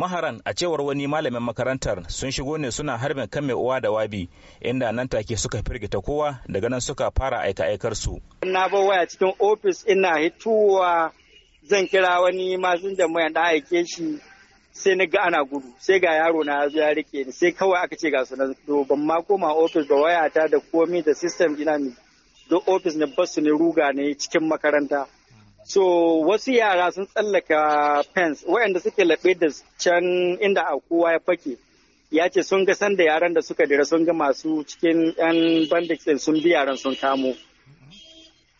maharan a cewar wani malamin makarantar sun shigo ne suna harbin kan mai uwa da wabi inda nan take suka firgita kowa daga nan suka fara aika aikar su na bar waya cikin ofis ina hituwa zan kira wani da mai da aike shi sai na ga ana gudu sai ga yaro na ya rike ni sai kawai aka ce ga sunan to ban ma koma ofis da wayata da komi da system ina ni do ofis ne basu ne ruga ne cikin makaranta So wasu yara sun tsallaka fence waɗanda suke laɓe da can inda a kowa ya fake. Ya ce sun ga sanda yaran da suka dira sun ga masu cikin 'yan bandits ɗin sun bi yaran sun kamo.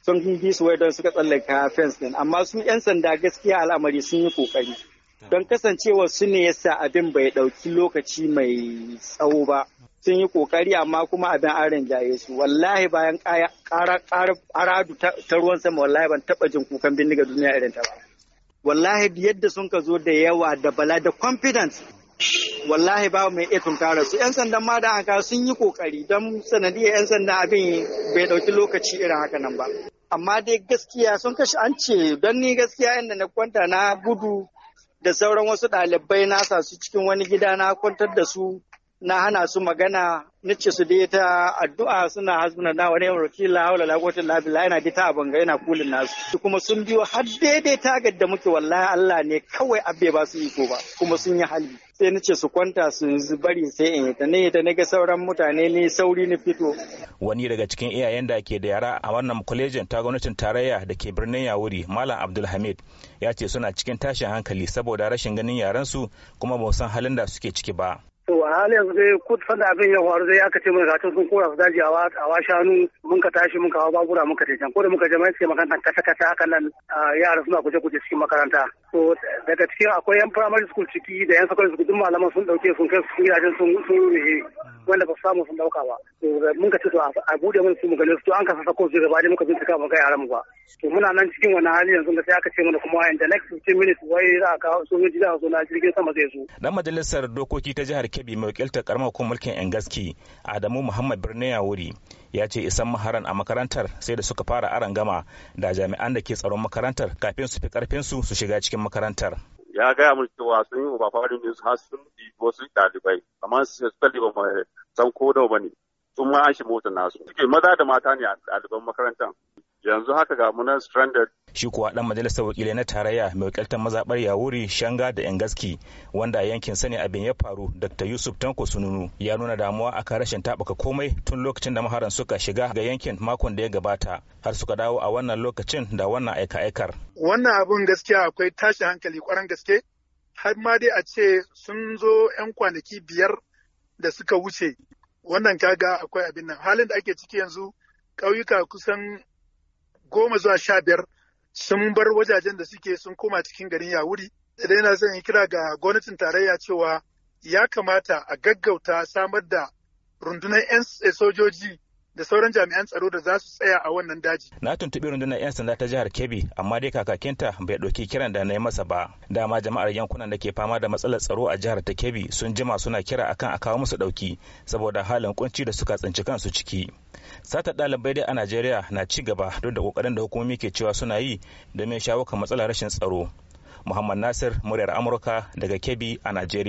Sun bi su don suka tsallaka fence ɗin. Amma su 'yan sanda gaskiya al'amari sun yi ƙoƙari. Don kasancewa su ne yasa abin bai ɗauki lokaci mai tsawo ba. sun yi kokari amma kuma abin an rinjaye su wallahi bayan aradu ta ruwan sama wallahi ban taba jin kukan bindiga duniya irin ta ba wallahi yadda sun ka zo da yawa da bala da confidence wallahi babu mai iya tunkara su yan sandan ma da haka sun yi kokari don sanadiyar yan sandan abin bai dauki lokaci irin haka nan ba amma dai gaskiya sun kashe an ce don ni gaskiya inda na kwanta na gudu da sauran wasu ɗalibai nasa su cikin wani gida na kwantar da su na hana su magana na ce su dai ta addu'a suna hasbuna na wani yawon wakila haula la quwwata illa billah na dai ta abanga yana kulin nasu kuma sun biyo har daidai ta da muke wallahi Allah ne kawai abbe ba su iko ba kuma sun yi hali sai nace su kwanta su bari sai in yi ta ne ta ne ga sauran mutane ne sauri ni fito wani daga cikin iyayen da ke da yara a wannan kwalejin ta gwamnatin tarayya da ke birnin Yawuri Malam Abdulhamid ya ce suna cikin tashin hankali saboda rashin ganin yaran su kuma ba san halin da suke ciki ba To a halin yanzu dai kut da abin ya faru dai aka ce mai gatun sun kora su daji a wa shanu mun ka tashi mun kawo babura mun ka je can ko da mun ka je mai makaranta kasa kasa haka nan yara suna guje guje cikin makaranta. To daga cikin akwai yan primary school ciki da yan secondary school duk malaman sun dauke sun kai sun gidajen sun sun ruhe wanda ba su samu sun dauka ba. To mun ka ce to a bude mun su mu gane su to an kasa sako su gaba dai muka bincika mu ga yaran mu ba. To muna nan cikin wannan hali yanzu da sai aka ce mana kuma in the next 15 minutes wai za a kawo sojoji za su na jirgin sama zai zo. Dan majalisar dokoki ta jihar bi mai wakiltar karamar hukumar mulkin yan gaski adamu muhammad birni yawuri ya ce isan maharan a makarantar sai da suka fara aron gama da jami'an da ke tsaron makarantar kafin su fi karfin su su shiga cikin makarantar ya gaya mun cewa sun yi uba faɗin ne har sun yi wasu dalibai amma su kalli ba san ko da ba ne sun ma an shi mota nasu suke maza da mata ne a ɗaliban makarantar yanzu haka ga munan stranded shi kuwa dan majalisar wakilai na tarayya mai wakiltar mazabar yawuri shanga da yan gaski wanda yankin sani abin ya faru dr yusuf tanko sununu ya nuna damuwa akan rashin tabaka komai tun lokacin da maharan suka shiga ga yankin makon da ya gabata har suka dawo a wannan lokacin da wannan aika-aikar wannan abun gaskiya akwai tashin hankali kwaran gaske har ma dai a ce sun zo yan kwanaki biyar da suka wuce wannan kaga akwai abin nan halin da ake ciki yanzu ƙauyuka kusan goma zuwa sha biyar sun bar wajajen da suke sun koma cikin garin yawuri idan yana son yi kira ga gwamnatin tarayya cewa ya kamata a gaggauta samar da rundunar 'yan eh, sojoji da sauran jami'an tsaro da za su tsaya a wannan daji. Na tuntuɓi rundunar 'yan sanda ta jihar Kebbi amma dai kakakinta bai ɗauki kiran da na yi masa ba. Dama jama'ar yankunan da ke fama da matsalar tsaro a jihar ta Kebbi sun jima suna kira akan a kawo musu ɗauki saboda halin kunci da suka tsinci kansu ciki. satar ɗalibai dai a Najeriya na ci gaba duk da kokarin da hukumomi ke cewa suna yi domin shawo kan matsalar rashin tsaro. Muhammad Nasir, muryar Amurka daga Kebbi a Najeriya.